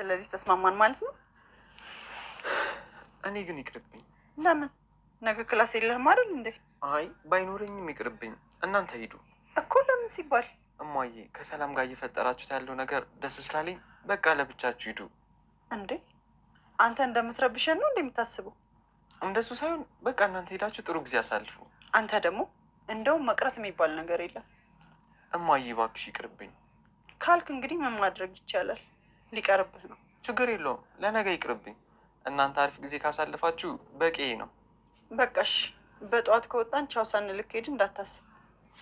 ስለዚህ ተስማማን ማለት ነው። እኔ ግን ይቅርብኝ። ለምን? ነገ ክላስ የለህም አይደል እንዴ? አይ ባይኖረኝም ይቅርብኝ። እናንተ ሂዱ እኮ። ለምን ሲባል እማዬ ከሰላም ጋር እየፈጠራችሁት ያለው ነገር ደስ ስላለኝ በቃ ለብቻችሁ ሂዱ። እንዴ አንተ እንደምትረብሸን ነው የምታስበው? እንደሱ ሳይሆን በቃ እናንተ ሄዳችሁ ጥሩ ጊዜ አሳልፉ። አንተ ደግሞ እንደውም መቅረት የሚባል ነገር የለም። እማዬ እባክሽ ይቅርብኝ ካልክ እንግዲህ ምን ማድረግ ይቻላል? ሊቀርብህ ነው። ችግር የለውም ለነገ ይቅርብኝ። እናንተ አሪፍ ጊዜ ካሳልፋችሁ በቂ ነው። በቃሽ። በጠዋት ከወጣን ቻው ሳንልክ ሄድ እንዳታስብ።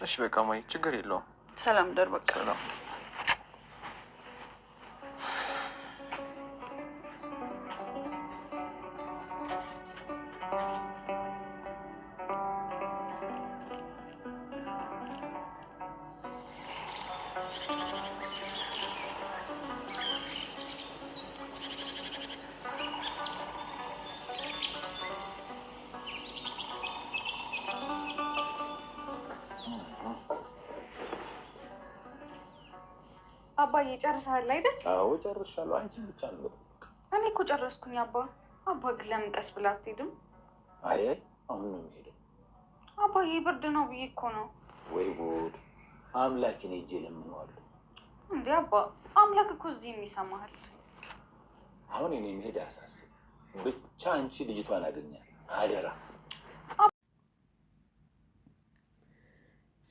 እሺ በቃ ማይ ችግር የለውም። ሰላም ደር በቃ ሰላም አባዬ ጨርሰሃል አይደል? አዎ ጨርሻለሁ። አንቺን ብቻ ነው። እኔ እኮ ጨረስኩኝ አባ። አባ ግን ለምን ቀስ ብላ አትሄድም? አይ አሁን ነው የሚሄደው። አባዬ ብርድ ነው ብዬ እኮ ነው። ወይ ጉድ! አምላኬን ሄጄ ለምነዋለሁ። እንዴ አባ፣ አምላክ እኮ እዚህ ይሰማሃል። አሁን እኔ መሄድ አያሳስብ፣ ብቻ አንቺ ልጅቷን አገኛል አደራ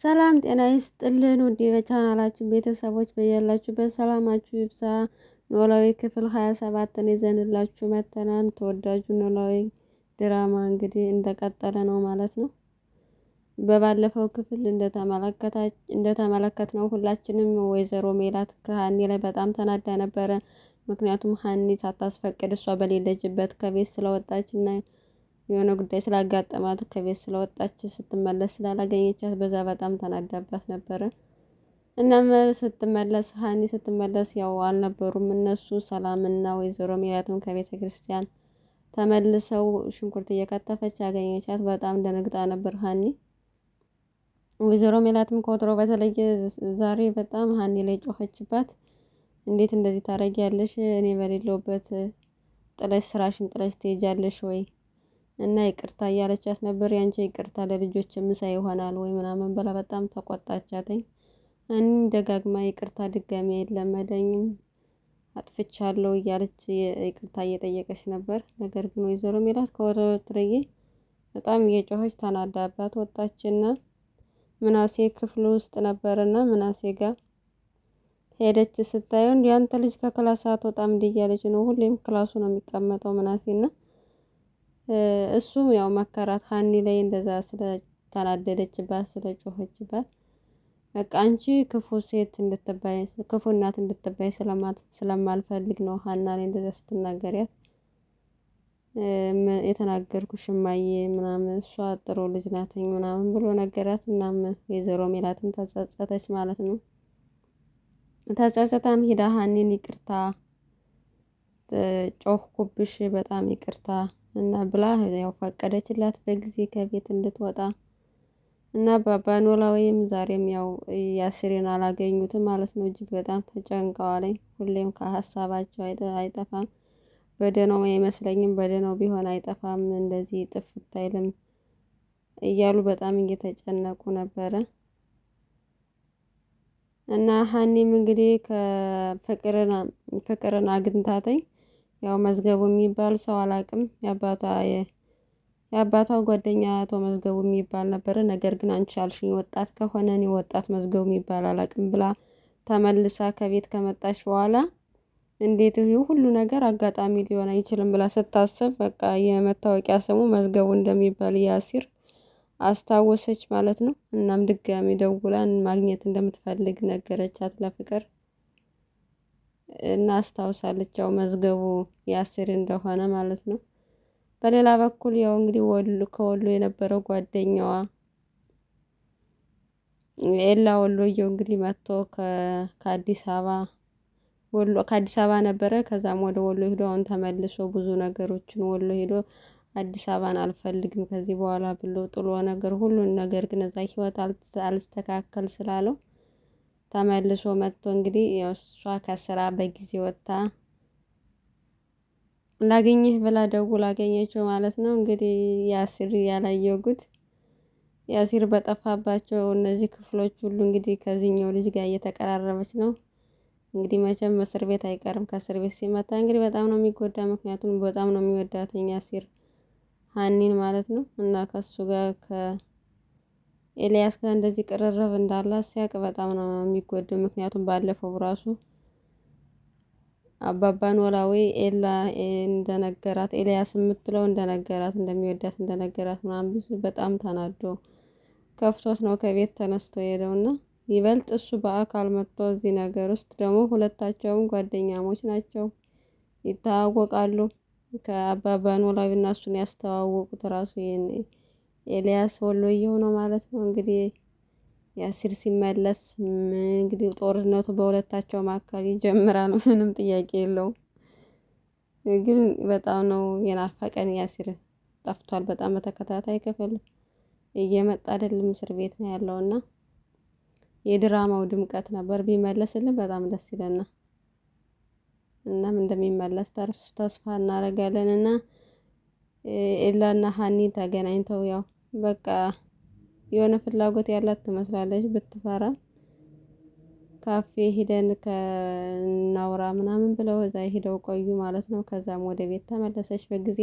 ሰላም ጤና ይስጥልን ውድ የቻናላችን ቤተሰቦች በያላችሁበት ሰላማችሁ ይብዛ። ኖላዊ ክፍል ሀያ ሰባትን ይዘንላችሁ መተናን። ተወዳጁ ኖላዊ ድራማ እንግዲህ እንደቀጠለ ነው ማለት ነው። በባለፈው ክፍል እንደተመለከት ነው ሁላችንም ወይዘሮ ሜላት ከሀኒ ላይ በጣም ተናዳ ነበረ። ምክንያቱም ሀኒ ሳታስፈቅድ እሷ በሌለችበት ከቤት ስለወጣች እና የሆነ ጉዳይ ስላጋጠማት ከቤት ስለወጣች ስትመለስ ስላላገኘቻት በዛ በጣም ተናዳባት ነበረ። እናም ስትመለስ ሀኒ ስትመለስ ያው አልነበሩም እነሱ ሰላምና ወይዘሮ ሜላትም ከቤተ ክርስቲያን ተመልሰው ሽንኩርት እየከተፈች ያገኘቻት በጣም ደነግጣ ነበር ሀኒ። ወይዘሮ ሜላትም ከወትሮ በተለየ ዛሬ በጣም ሀኒ ላይ ጮኸችባት። እንዴት እንደዚህ ታደርጊያለሽ? እኔ በሌለውበት ጥለሽ ስራሽን ጥለሽ ትሄጃለሽ ወይ እና ይቅርታ እያለቻት ነበር። ያንቺ ይቅርታ ለልጆች ምሳ ይሆናል ወይ ምናምን ብላ በጣም ተቆጣቻትኝ። እኔም ደጋግማ ይቅርታ ድጋሚ የለመደኝም አጥፍቻለሁ እያለች ይቅርታ እየጠየቀች ነበር። ነገር ግን ወይዘሮ ሜላት ከወረትርዬ በጣም እየጮኸች ተናዳባት ወጣችና ምናሴ ክፍል ውስጥ ነበርና ምናሴ ጋር ሄደች። ስታየው ያንተ ልጅ ከክላስ ወጣም እንዲህ እያለች ነው። ሁሌም ክላሱ ነው የሚቀመጠው ምናሴና እሱም ያው መከራት ሀኒ ላይ እንደዛ ስለተናደደችባት ስለጮኸችባት በቃ አንቺ ክፉ ሴት እንድትባይ ክፉ እናት እንድትባይ ስለማልፈልግ ነው ሀና ላይ እንደዛ ስትናገሪያት የተናገርኩሽ እማዬ ምናምን እሷ ጥሩ ልጅ ናትኝ ምናምን ብሎ ነገራት። እናም ወይዘሮ ሜላትም ተጸጸተች ማለት ነው። ተጸጸታም ሂዳ ሀኒን ይቅርታ ጮህኩብሽ፣ በጣም ይቅርታ እና ብላ ያው ፈቀደችላት በጊዜ ከቤት እንድትወጣ እና አባባ ኖላዊም ዛሬም ያው ያስሬን አላገኙትም ማለት ነው። እጅግ በጣም ተጨንቀዋለኝ። ሁሌም ከሀሳባቸው አይጠፋም። በደህናው አይመስለኝም፣ በደህናው ቢሆን አይጠፋም፣ እንደዚህ ጥፍት አይልም እያሉ በጣም እየተጨነቁ ነበረ። እና ሀኒም እንግዲህ ከፍቅርን አግኝታተኝ ያው መዝገቡ የሚባል ሰው አላቅም። የአባቷ ጓደኛ አቶ መዝገቡ የሚባል ነበረ። ነገር ግን አንቺ አልሽኝ ወጣት ከሆነ እኔ ወጣት መዝገቡ የሚባል አላቅም ብላ ተመልሳ ከቤት ከመጣች በኋላ እንዴት ይህ ሁሉ ነገር አጋጣሚ ሊሆን አይችልም ብላ ስታስብ በቃ የመታወቂያ ስሙ መዝገቡ እንደሚባል ያሲር አስታወሰች ማለት ነው። እናም ድጋሚ ደውላን ማግኘት እንደምትፈልግ ነገረቻት ለፍቅር እናስታውሳለች ያው መዝገቡ ያስር እንደሆነ ማለት ነው። በሌላ በኩል ያው እንግዲህ ወሉ ከወሎ የነበረው ጓደኛዋ ኤላ ወሎየው እንግዲህ መጥቶ ከአዲስ አበባ ወሎ ከአዲስ አበባ ነበረ ከዛም ወደ ወሎ ሄዶ አሁን ተመልሶ ብዙ ነገሮችን ወሎ ሄዶ አዲስ አበባን አልፈልግም ከዚህ በኋላ ብሎ ጥሎ ነገር ሁሉን ነገር ግን እዛ ህይወት አልስተካከል ስላለው ተመልሶ መጥቶ እንግዲህ እሷ ከስራ በጊዜ ወጥታ ላገኘህ ብላ ደውላ አገኘችው ማለት ነው። እንግዲህ ያሲር ያላየው ጉድ ያሲር በጠፋባቸው እነዚህ ክፍሎች ሁሉ እንግዲህ ከዚህኛው ልጅ ጋር እየተቀራረበች ነው። እንግዲህ መቼም እስር ቤት አይቀርም። ከእስር ቤት ሲመታ እንግዲህ በጣም ነው የሚጎዳ። ምክንያቱም በጣም ነው የሚወዳት ያሲር ሀኒን ማለት ነው እና ከሱ ጋር ከ ኤልያስ ጋር እንደዚህ ቅርርብ እንዳላት ሲያውቅ በጣም ነው የሚጎደው። ምክንያቱም ባለፈው ራሱ አባባን ኖላዊ ኤላ እንደነገራት ኤልያስ የምትለው እንደነገራት እንደሚወዳት እንደነገራት ምናምን ብዙ በጣም ተናዶ ከፍቶት ነው ከቤት ተነስቶ ሄደውና ይበልጥ እሱ በአካል መጥቶ እዚህ ነገር ውስጥ ደግሞ ሁለታቸውም ጓደኛሞች ናቸው፣ ከአባባን ከአባባ እና እሱን ያስተዋወቁት ራሱ ኤልያስ ወሎ ነው ማለት ነው። እንግዲህ ያሲር ሲመለስ እንግዲህ ጦርነቱ በሁለታቸው መካከል ይጀምራል። ምንም ጥያቄ የለውም። ግን በጣም ነው የናፈቀን። ያሲር ጠፍቷል በጣም በተከታታይ ክፍል እየመጣ አይደለም፣ እስር ቤት ነው ያለው እና የድራማው ድምቀት ነበር። ቢመለስልን በጣም ደስ ይለና እናም እንደሚመለስ ተስፋ እናደርጋለን እና ኤላና ሀኒ ተገናኝተው ያው በቃ የሆነ ፍላጎት ያላት ትመስላለች ብትፈራ ካፌ ሂደን ከናውራ ምናምን ብለው እዛ ሄደው ቆዩ ማለት ነው። ከዛም ወደ ቤት ተመለሰች። በጊዜ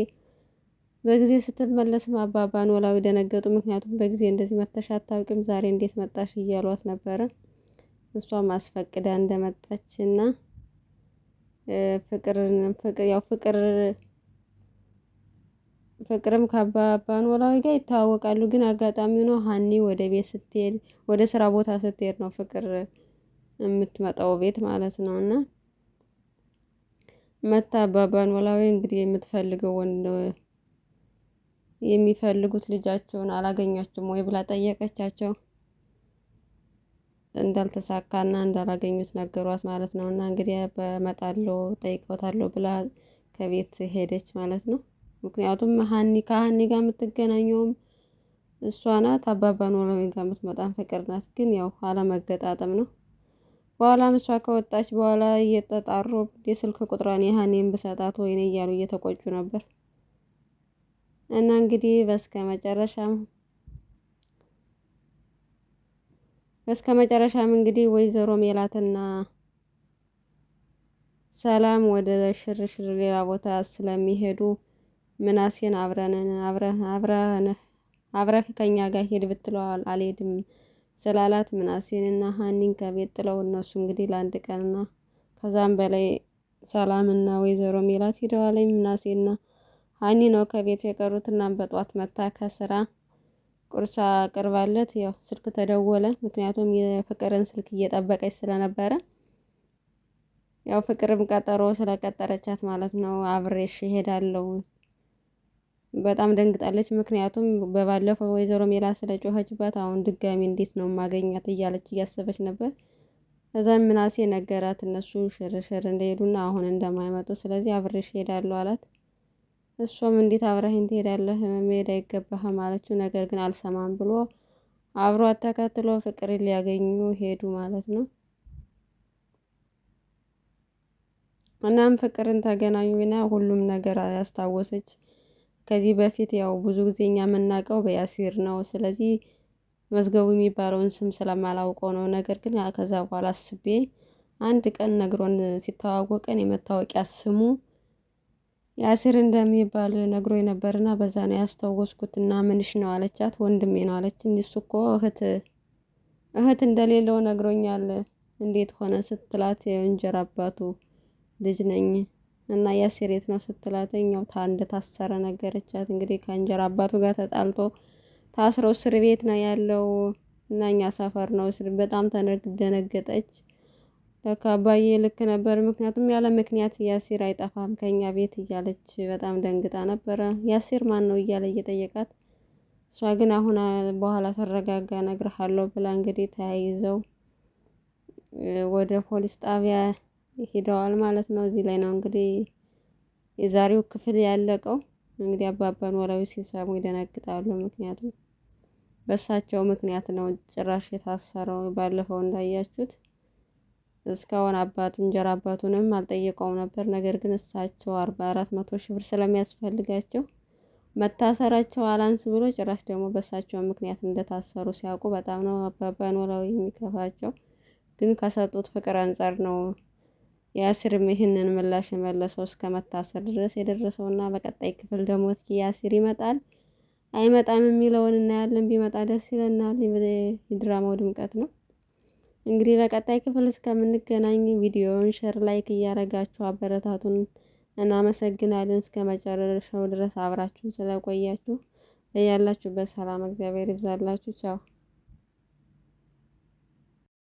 በጊዜ ስትመለስ አባባ ኖላዊ ደነገጡ። ምክንያቱም በጊዜ እንደዚህ መተሻ አታውቂም ዛሬ እንዴት መጣሽ እያሏት ነበረ። እሷም አስፈቅዳ እንደመጣች እና ያው ፍቅር ፍቅርም ከአባባ ኖላዊ ጋር ይተዋወቃሉ። ግን አጋጣሚ ነው ሀኒ ወደ ቤት ስትሄድ ወደ ስራ ቦታ ስትሄድ ነው ፍቅር የምትመጣው ቤት ማለት ነው። እና መታ አባ ኖላዊ እንግዲህ የምትፈልገው ወንድ የሚፈልጉት ልጃቸውን አላገኛቸውም ወይ ብላ ጠየቀቻቸው። እንዳልተሳካና እንዳላገኙት ነገሯት ማለት ነው። እና እንግዲህ በመጣለው ጠይቀውታለሁ ብላ ከቤት ሄደች ማለት ነው። ምክንያቱም ሀኒ ከሀኒ ጋር የምትገናኘውም እሷ ናት። አባባ ኖላዊ ጋር የምትመጣም ፍቅር ናት። ግን ያው አለመገጣጠም ነው። በኋላም እሷ ከወጣች በኋላ እየተጣሩ የስልክ ቁጥሯን የሀኒን ብሰጣት ወይኔ እያሉ እየተቆጩ ነበር። እና እንግዲህ በስከ መጨረሻም በስከ መጨረሻም እንግዲህ ወይዘሮ ሜላትና ሰላም ወደ ሽርሽር ሌላ ቦታ ስለሚሄዱ ምናሴን አብረንን አብረህ አብረህ ከኛ ጋር ሄድ ብትለዋል አልሄድም ስላላት ምናሴንና ሀኒን ከቤት ጥለው እነሱ እንግዲህ ለአንድ ቀንና ከዛም በላይ ሰላምና ወይዘሮ ሜላት ሂደዋል። ምናሴና ሀኒ ነው ከቤት የቀሩት። እናም በጧት መታ ከስራ ቁርሳ አቅርባለት ያው ስልክ ተደወለ። ምክንያቱም የፍቅርን ስልክ እየጠበቀች ስለነበረ ያው ፍቅርም ቀጠሮ ስለቀጠረቻት ማለት ነው አብሬሽ እሄዳለሁ በጣም ደንግጣለች። ምክንያቱም በባለፈው ወይዘሮ ሜላት ስለጮኸችባት አሁን ድጋሚ እንዴት ነው ማገኛት እያለች እያሰበች ነበር። እዛን ምናሴ ነገራት እነሱ ሽርሽር እንደሄዱና አሁን እንደማይመጡ ስለዚህ አብሬሽ እሄዳለሁ አላት። እሷም እንዴት አብረኸኝ ትሄዳለህ? መሄድ አይገባህም አለችው። ነገር ግን አልሰማም ብሎ አብሯት ተከትሎ ፍቅር ሊያገኙ ሄዱ ማለት ነው። እናም ፍቅርን ተገናኙና ሁሉም ነገር ያስታወሰች ከዚህ በፊት ያው ብዙ ጊዜ እኛ የምናውቀው በያሲር ነው። ስለዚህ መዝገቡ የሚባለውን ስም ስለማላውቀው ነው። ነገር ግን ከዛ በኋላ አስቤ አንድ ቀን ነግሮን ሲተዋወቀን የመታወቂያ ስሙ ያሲር እንደሚባል ነግሮ የነበርና በዛ ነው ያስታወስኩት። እና ምንሽ ነው አለቻት። ወንድሜ ነው አለችኝ። እሱ እኮ እህት እህት እንደሌለው ነግሮኛል። እንዴት ሆነ ስትላት የእንጀራ አባቱ ልጅ ነኝ እና ያሲር የት ነው ስትላተኝ ያው እንደታሰረ ነገረቻት። እንግዲህ ከእንጀራ አባቱ ጋር ተጣልቶ ታስሮ እስር ቤት ነው ያለው እና እኛ ሰፈር ነው እስር። በጣም ተደነገጠች። ለካ አባዬ ልክ ነበር፣ ምክንያቱም ያለ ምክንያት ያሲር አይጠፋም ከኛ ቤት እያለች በጣም ደንግጣ ነበረ። ያሲር ማን ነው እያለ እየጠየቃት እሷ ግን አሁን በኋላ ተረጋጋ እነግርሃለሁ ብላ እንግዲህ ተያይዘው ወደ ፖሊስ ጣቢያ ሄደዋል ማለት ነው። እዚህ ላይ ነው እንግዲህ የዛሬው ክፍል ያለቀው። እንግዲህ አባባን ኖላዊ ሲሰሙ ይደነግጣሉ። ምክንያቱም በእሳቸው ምክንያት ነው ጭራሽ የታሰረው። ባለፈው እንዳያችሁት እስካሁን አባት እንጀራ አባቱንም አልጠየቀውም ነበር። ነገር ግን እሳቸው አርባ አራት መቶ ሺህ ብር ስለሚያስፈልጋቸው መታሰራቸው አላንስ ብሎ ጭራሽ ደግሞ በእሳቸው ምክንያት እንደታሰሩ ሲያውቁ በጣም ነው አባባን ኖላዊ የሚከፋቸው። ግን ከሰጡት ፍቅር አንጻር ነው የአሲርም ይህንን ምላሽ የመለሰው እስከ መታሰር ድረስ የደረሰው ና በቀጣይ ክፍል ደግሞ እስኪ የአሲር ይመጣል አይመጣም የሚለውን እናያለን። ቢመጣ ደስ ይለናል። የድራማው ድምቀት ነው። እንግዲህ በቀጣይ ክፍል እስከምንገናኝ ቪዲዮውን ሸር፣ ላይክ እያደረጋችሁ አበረታቱን። እናመሰግናለን። እስከ መጨረሻው ድረስ አብራችሁን ስለቆያችሁ በያላችሁበት ሰላም እግዚአብሔር ይብዛላችሁ። ቻው